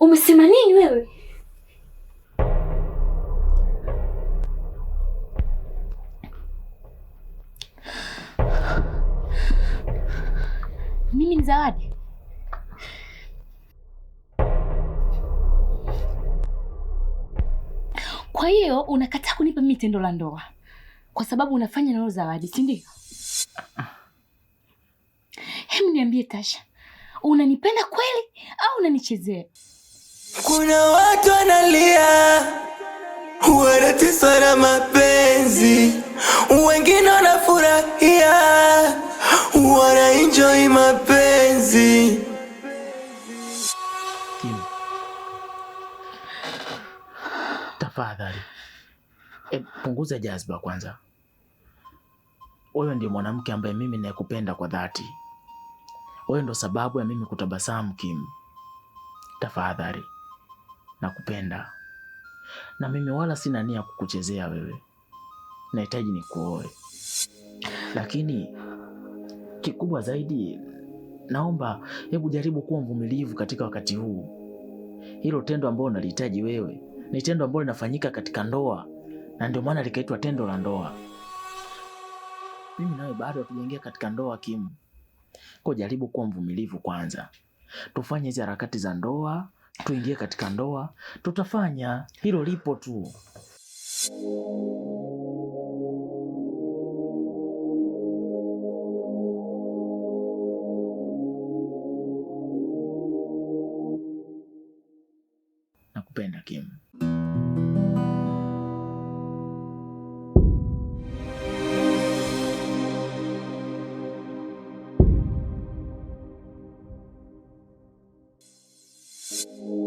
Umesema nini wewe? Mimi ni Zawadi? Kwa hiyo unakataa kunipa mimi tendo la ndoa kwa sababu unafanya nalo Zawadi, si ndio? Hem, niambie Tasha, unanipenda kweli au unanichezea? Kuna watu wanalia, wanateswa na mapenzi, wengine wanafurahia, wanaenjoy mapenzi. Tafadhali e, punguza jazba kwanza. Wewe ndio mwanamke ambaye mimi nakupenda kwa dhati. Wewe ndo sababu ya mimi kutabasamu Kim. Tafadhali na kupenda, na mimi wala sina nia kukuchezea wewe, nahitaji nikuoe, lakini kikubwa zaidi, naomba hebu jaribu kuwa mvumilivu katika wakati huu. Hilo tendo ambalo unalihitaji wewe ni tendo ambalo linafanyika katika ndoa, na ndio maana likaitwa tendo la ndoa. Mimi nawe bado hatujaingia katika ndoa, Kimu. Kwa jaribu kuwa mvumilivu kwanza, tufanye hizi harakati za ndoa tuingie katika ndoa, tutafanya hilo lipo tu. Thank you.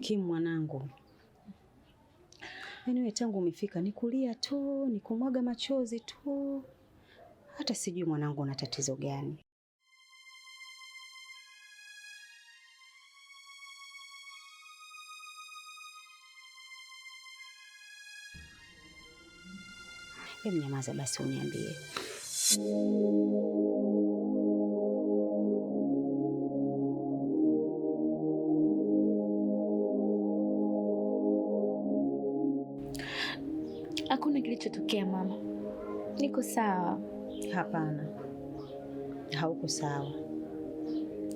Kim mwanangu, anyway, tangu umefika nikulia tu kumwaga machozi tu, hata sijui mwanangu una tatizo gani. Hebu nyamaza basi uniambie. sawa? Hapana, hauko sawa.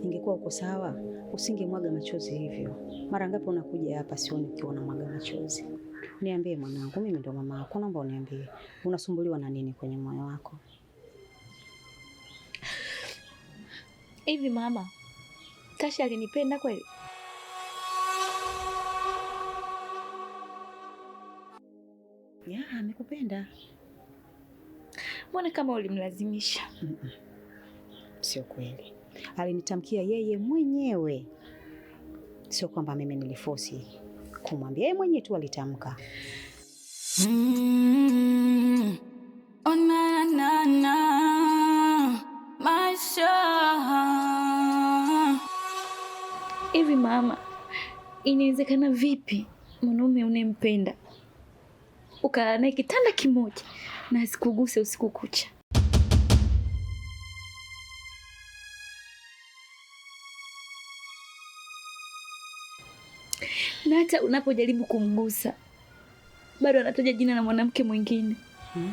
Ingekuwa uko sawa usingemwaga machozi hivyo. Mara ngapi unakuja hapa sioni ukiwa mwaga machozi? Niambie mwanangu, mimi ndo mama yako, naomba uniambie unasumbuliwa na nini kwenye moyo wako hivi? Mama, Tasha alinipenda kweli? Ya, amekupenda Mbona kama ulimlazimisha? Sio kweli, alinitamkia yeye mwenyewe, sio kwamba mimi nilifosi kumwambia, yeye mwenyewe tu alitamka. mm na na maisha hivi, mama, inawezekana vipi mwanaume unempenda ukalala naye kitanda kimoja na sikuguse usiku kucha. Na hata unapojaribu kumgusa bado anataja jina la mwanamke mwingine hmm.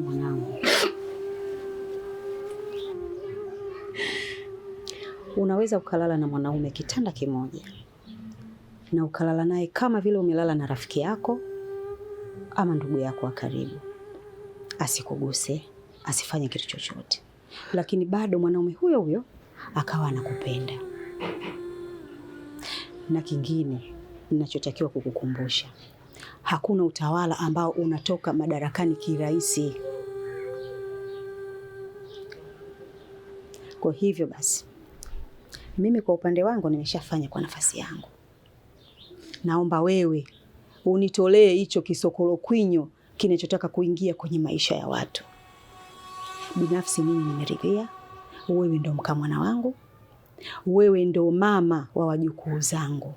Mwanangu, unaweza ukalala na mwanaume kitanda kimoja na ukalala naye kama vile umelala na rafiki yako ama ndugu yako wa karibu. Asikuguse, asifanye kitu chochote, lakini bado mwanaume huyo huyo akawa anakupenda. Na kingine ninachotakiwa kukukumbusha, hakuna utawala ambao unatoka madarakani kirahisi. Kwa hivyo basi, mimi kwa upande wangu nimeshafanya kwa nafasi yangu naomba wewe unitolee hicho kwinyo kinachotaka kuingia kwenye maisha ya watu. Binafsi mimi nimeridhia, wewe ndo mkamwana wangu, wewe ndo mama wa wajukuu zangu.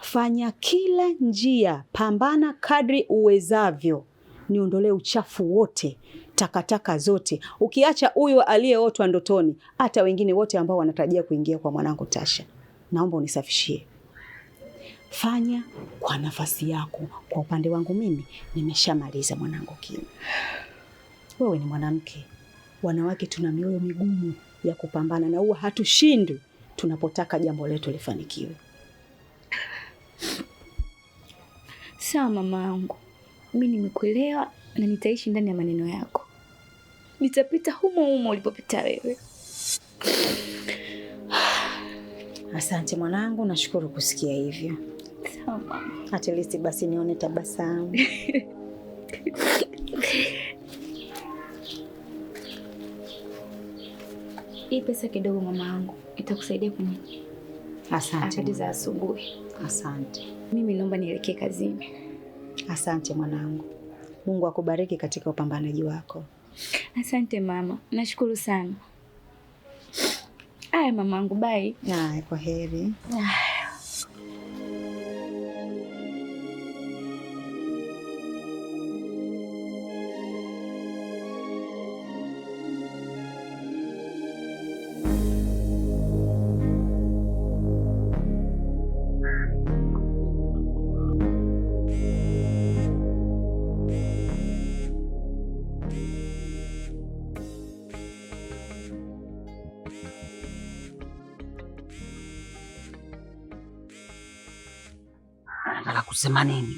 Fanya kila njia, pambana kadri uwezavyo, niondolee uchafu wote, takataka zote, ukiacha huyu aliyeotwa ndotoni, hata wengine wote ambao wanatarajia kuingia kwa mwanangu Tasha, naomba unisafishie fanya kwa nafasi yako. Kwa upande wangu mimi nimeshamaliza mwanangu Kim. Wewe ni mwanamke, wanawake tuna mioyo migumu ya kupambana na huwa hatushindwi tunapotaka jambo letu lifanikiwe. Sawa mama yangu, mi nimekuelewa na nitaishi ndani ya maneno yako, nitapita humo humo ulipopita wewe. Asante mwanangu, nashukuru kusikia hivyo. At least basi nione tabasamu. Hii pesa kidogo mama yangu itakusaidia kwenye akati za asubuhi. Asante. Mimi naomba nielekee kazini. Asante mwanangu. Mungu akubariki katika upambanaji wako. Asante mama, nashukuru sana. Aya mamangu, bye. Aya, kwa heri. Aya. na la kusema nini?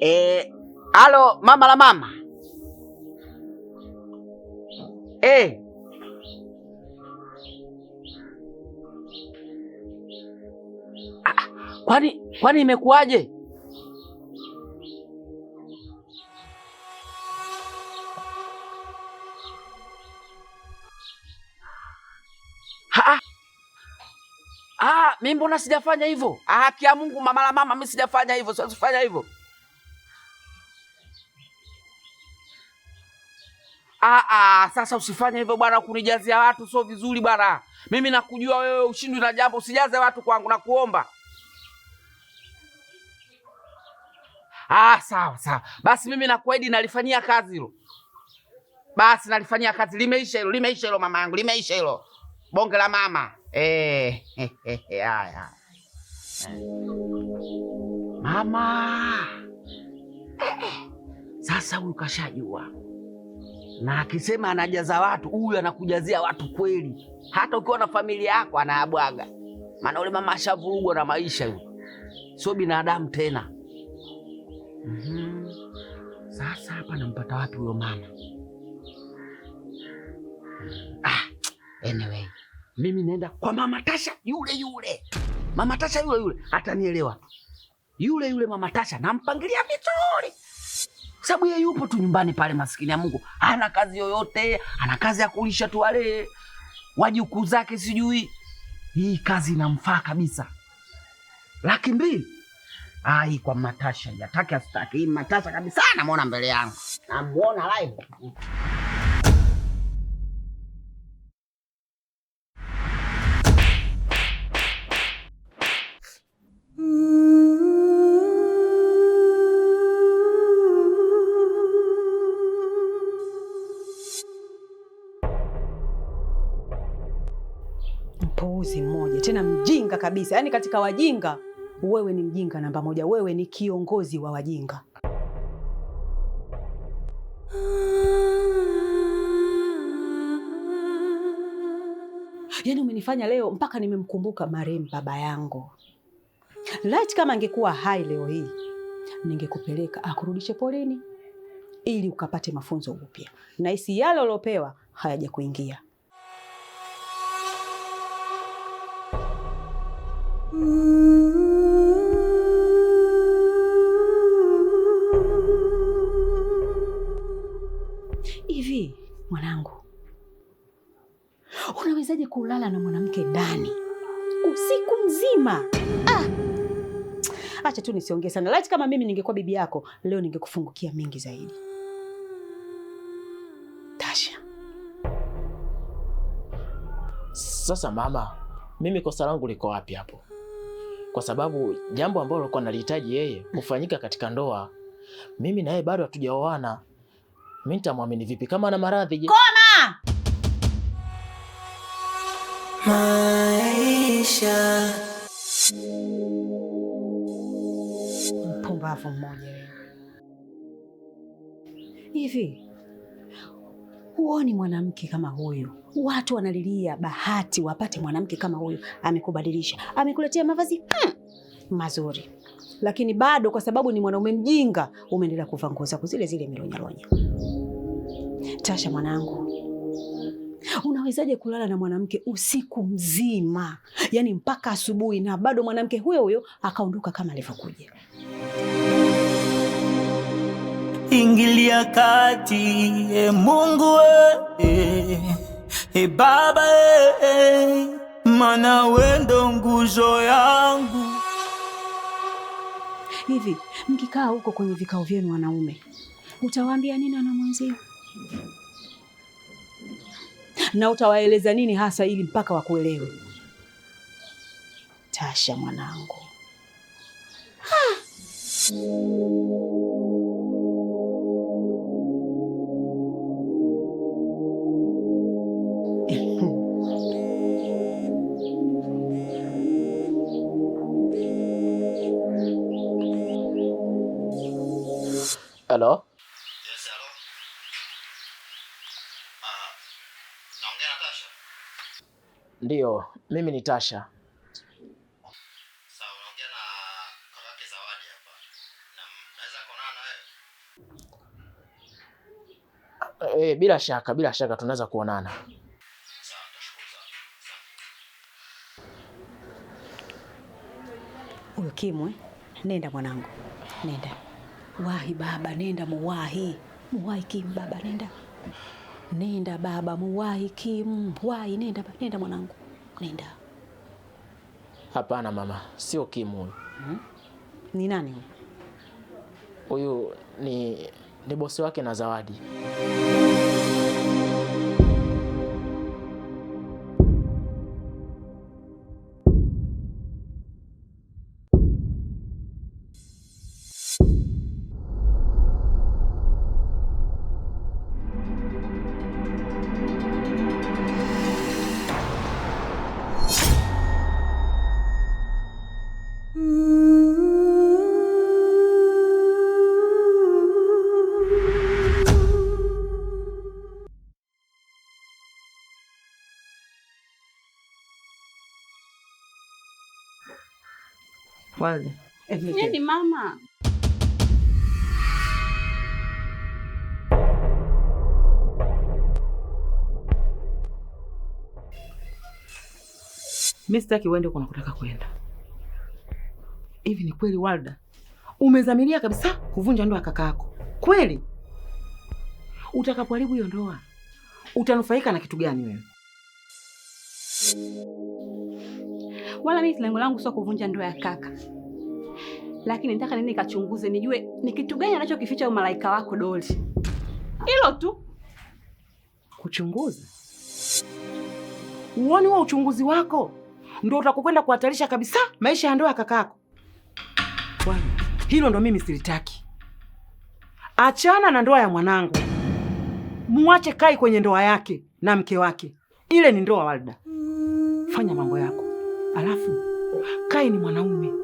Eh, alo mama la mama eh. Ah, ah, kwani kwani imekuwaje? mimi yaani, mbona sijafanya hivyo? Ah, haki ya Mungu mama la mama, mimi sijafanya hivyo, siwezi kufanya hivyo. Ah, ah, sasa usifanye hivyo bwana, kunijazia watu sio vizuri bwana. Mimi nakujua wewe ushindwi na jambo, usijaze watu kwangu na kuomba. Ah, sawa sawa. Basi mimi nakuahidi nalifanyia kazi hilo. Basi nalifanyia kazi, limeisha hilo, limeisha hilo mama yangu, limeisha hilo bonge la mama eh, eh, eh, eh, haya mama eh, eh, sasa huyu kashajua, na akisema anajaza watu, huyu anakujazia watu kweli. Hata ukiwa na familia yako anayabwaga, maana ule mama ashavurugwa na maisha, yule sio binadamu tena. mm -hmm. Sasa hapa nampata wapi huyo mama? Ah, anyway mimi naenda kwa mama Tasha yule yule, mama Tasha yule yule atanielewa yule yule mama Tasha, nampangilia vizuri, sababu yeye yupo tu nyumbani pale, maskini ya Mungu, hana kazi yoyote, ana kazi ya kulisha tu wale wajukuu zake, sijui hii kazi inamfaa kabisa. laki mbili ai kwa Matasha, yatake asitaki, hii Matasha kabisa, namuona mbele yangu, namuona live tena mjinga kabisa. Yaani katika wajinga wewe ni mjinga namba moja, wewe ni kiongozi wa wajinga. Yaani umenifanya leo mpaka nimemkumbuka marehemu baba yangu. Laiti kama angekuwa hai leo hii ningekupeleka akurudishe polini ili ukapate mafunzo upya, na hisi yale uliopewa hayaja kuingia. Hivi mwanangu, unawezaje kulala na mwanamke ndani usiku mzima? Ah, acha tu nisiongee sana. Laiti kama mimi ningekuwa bibi yako leo, ningekufungukia mingi zaidi. Tasha, sasa mama, mimi kosa langu liko wapi hapo? kwa sababu jambo ambalo alikuwa analihitaji yeye kufanyika katika ndoa, mimi na yeye bado hatujaoana. Mimi nitamwamini vipi kama ana maradhi? Je, koma maisha mpumbavu mmoja hivi huoni mwanamke kama huyu? Watu wanalilia bahati wapate mwanamke kama huyu. Amekubadilisha, amekuletea mavazi hmm, mazuri, lakini bado kwa sababu ni mwanaume mjinga umeendelea kuvaa nguo zako zile zile milonyaronya. Tasha mwanangu, unawezaje kulala na mwanamke usiku mzima, yaani mpaka asubuhi, na bado mwanamke huyo huyo akaondoka kama alivyokuja? ingilia kati e Mungu e, e Baba e, mana wendo nguzo yangu. Hivi mkikaa huko kwenye vikao vyenu wanaume, utawaambia nini na mwenzio na utawaeleza nini hasa ili mpaka wakuelewe? Tasha mwanangu ha! Ndio, mimi ni Tasha. Eh, bila shaka, bila shaka tunaweza kuonana. Huyo Kimwe, nenda mwanangu, nenda wahi baba, nenda muwahi, muwahi Kimu baba, nenda nenda baba, muwahi Kimu, wahi nenda, nenda mwanangu. Nenda. Hapana mama, sio Kimu. huyu. Hmm? Ni nani huyu? Huyu ni, ni bosi wake na Zawadi. kwaje? Yeye ni mama. Mimi sitaki uende huko unakotaka kwenda. Hivi ni kweli Walda, umezamiria kabisa kuvunja ndoa kaka yako kweli? Utakapoharibu hiyo ndoa utanufaika na kitu gani wewe? wala mimi lengo langu sio kuvunja ndoa ya kaka, lakini nataka nini kachunguze, nijue ni kitu gani anachokificha malaika wako Doli. Hilo tu kuchunguza. Uoni huo uchunguzi wako ndio utakokwenda kuhatarisha kabisa maisha ya ndoa ya kakako. Bwana, hilo ndo mimi silitaki. Achana na ndoa ya mwanangu, muache Kai kwenye ndoa yake na mke wake. Ile ni ndoa, Walda. Fanya mambo yako. Alafu Kai ni mwanaume,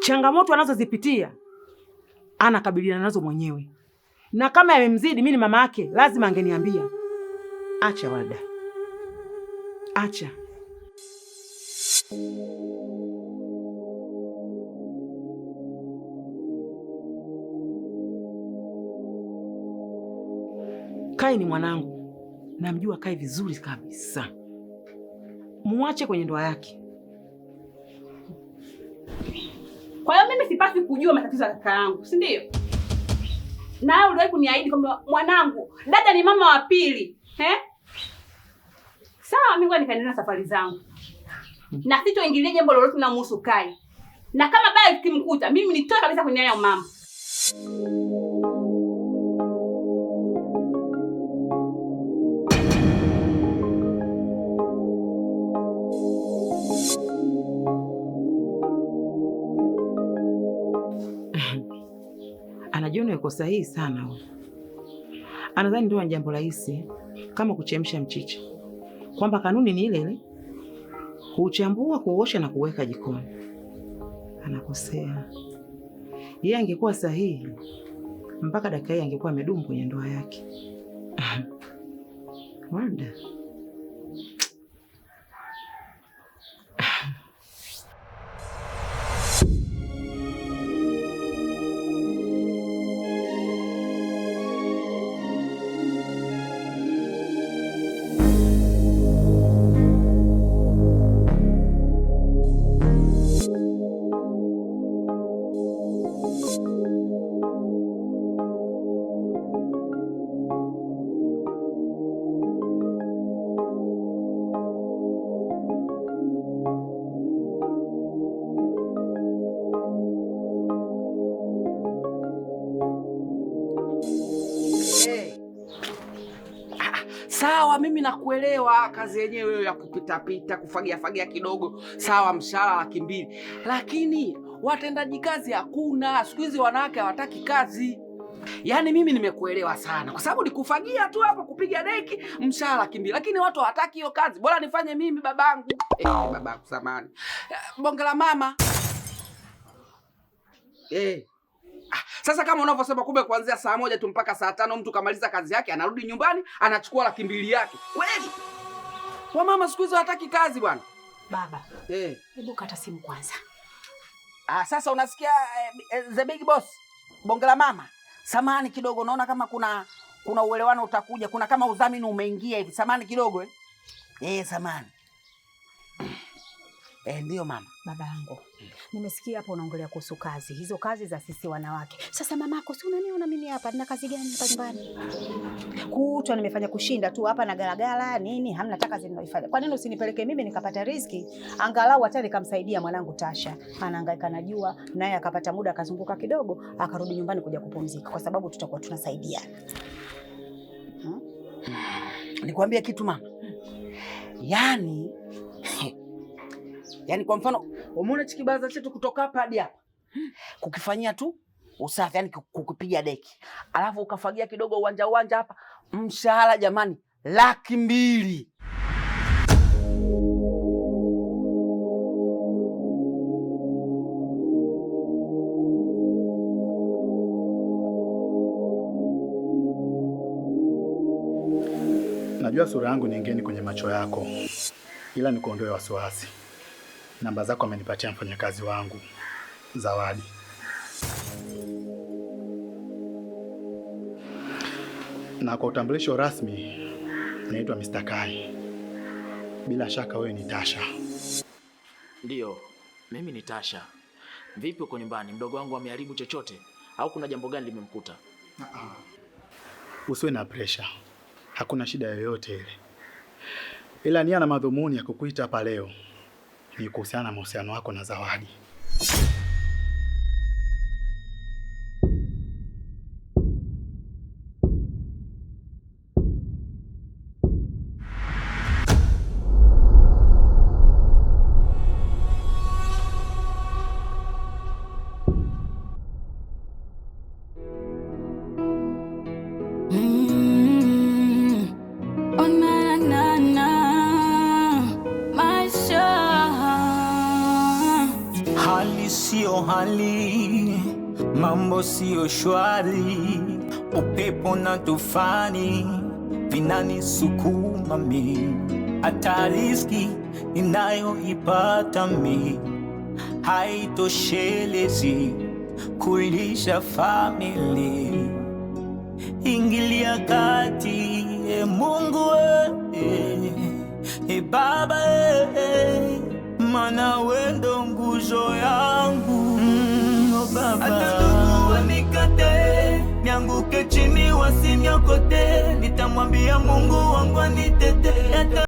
changamoto anazozipitia anakabiliana nazo mwenyewe, na kama yamemzidi, mimi ni mama yake, lazima angeniambia. Acha wada, acha Kai ni mwanangu, namjua Kai vizuri kabisa muache kwenye ndoa yake. Kwa hiyo mimi sipasi kujua matatizo ya kaka yangu, si ndio? Na uliwahi kuniahidi kwamba mwanangu, dada ni mama wa pili eh? Sawa, mimi nikaendelea na safari zangu na sitoingilia jambo lolote muhusu Kai, na kama baya kimkuta mimi nitoe kabisa kwenye haya mama yuko sahihi sana huyo. Anadhani ndio ni jambo rahisi kama kuchemsha mchicha, kwamba kanuni ni ile ile, kuchambua, kuosha na kuweka jikoni. Anakosea yeye. Angekuwa sahihi mpaka dakika hii, angekuwa amedumu kwenye ndoa yake. Wanda. nakuelewa, kazi yenyewe hiyo ya kupitapita kufagiafagia kidogo, sawa, mshahara laki mbili, lakini watendaji kazi hakuna siku hizi, wanawake hawataki kazi. Yaani mimi nimekuelewa sana, kwa sababu nikufagia tu hapo, kupiga deki, mshahara laki mbili, lakini watu hawataki hiyo kazi. Bora nifanye mimi babangu, eh, babangu samani, eh, bonge la mama eh. Ah, sasa kama unavyosema kumbe kuanzia saa moja tu mpaka saa tano mtu kamaliza kazi yake anarudi nyumbani anachukua laki mbili yake. Kweli? kwa mama siku hizo hataki kazi bwana. Baba. Eh. Hebu kata simu kwanza. Ah, sasa unasikia eh, eh, the big boss. Bonge la mama. Samani kidogo naona kama kuna kuna uelewano utakuja, kuna kama udhamini umeingia hivi. Samani kidogo eh. Eh, samani. Eh, ndio mama. Baba yangu mm. Nimesikia hapo unaongelea kuhusu kazi hizo, kazi za sisi wanawake. Sasa mamako, si unaniona mimi hapa nina kazi gani hapa nyumbani? Kutwa nimefanya kushinda tu hapa na galagala nini, hamna taka zinaifanya. Kwa nini usinipeleke mimi nikapata riziki, angalau hata nikamsaidia mwanangu Tasha, anahangaika najua, naye akapata muda akazunguka kidogo, akarudi nyumbani kuja kupumzika, kwa sababu tutakuwa tunasaidiana hmm? Nikwambia kitu mama, hmm. yaani Yaani kwa mfano, umeona chiki kibanza chetu kutoka hapa hadi hapa. Kukifanyia tu usafi, yani kukupiga deki. Alafu ukafagia kidogo uwanja uwanja hapa. Mshahara jamani, laki mbili. Najua sura yangu ni ngeni kwenye macho yako, ila nikuondoe wasiwasi namba zako amenipatia mfanyakazi wangu Zawadi. Na kwa utambulisho rasmi naitwa Mr. Kai. Bila shaka wewe ni Tasha. ndio mimi ni Tasha. Vipi uko nyumbani? Mdogo wangu ameharibu chochote au kuna jambo gani limemkuta? Ah, usiwe na pressure. hakuna shida yoyote ile, ila nia na madhumuni ya kukuita hapa leo ni kuhusiana na mahusiano wako na Zawadi. mambo siyo shwari, upepo na tufani vinanisukuma mi, hata riziki ninayoipata mi haitoshelezi kulisha famili. Ingilia kati, e Mungu e, e Baba e, e, mana wendo nguzo yangu baba, nikate nianguke chini wasiniokote, nitamwambia Mungu wangu anitete.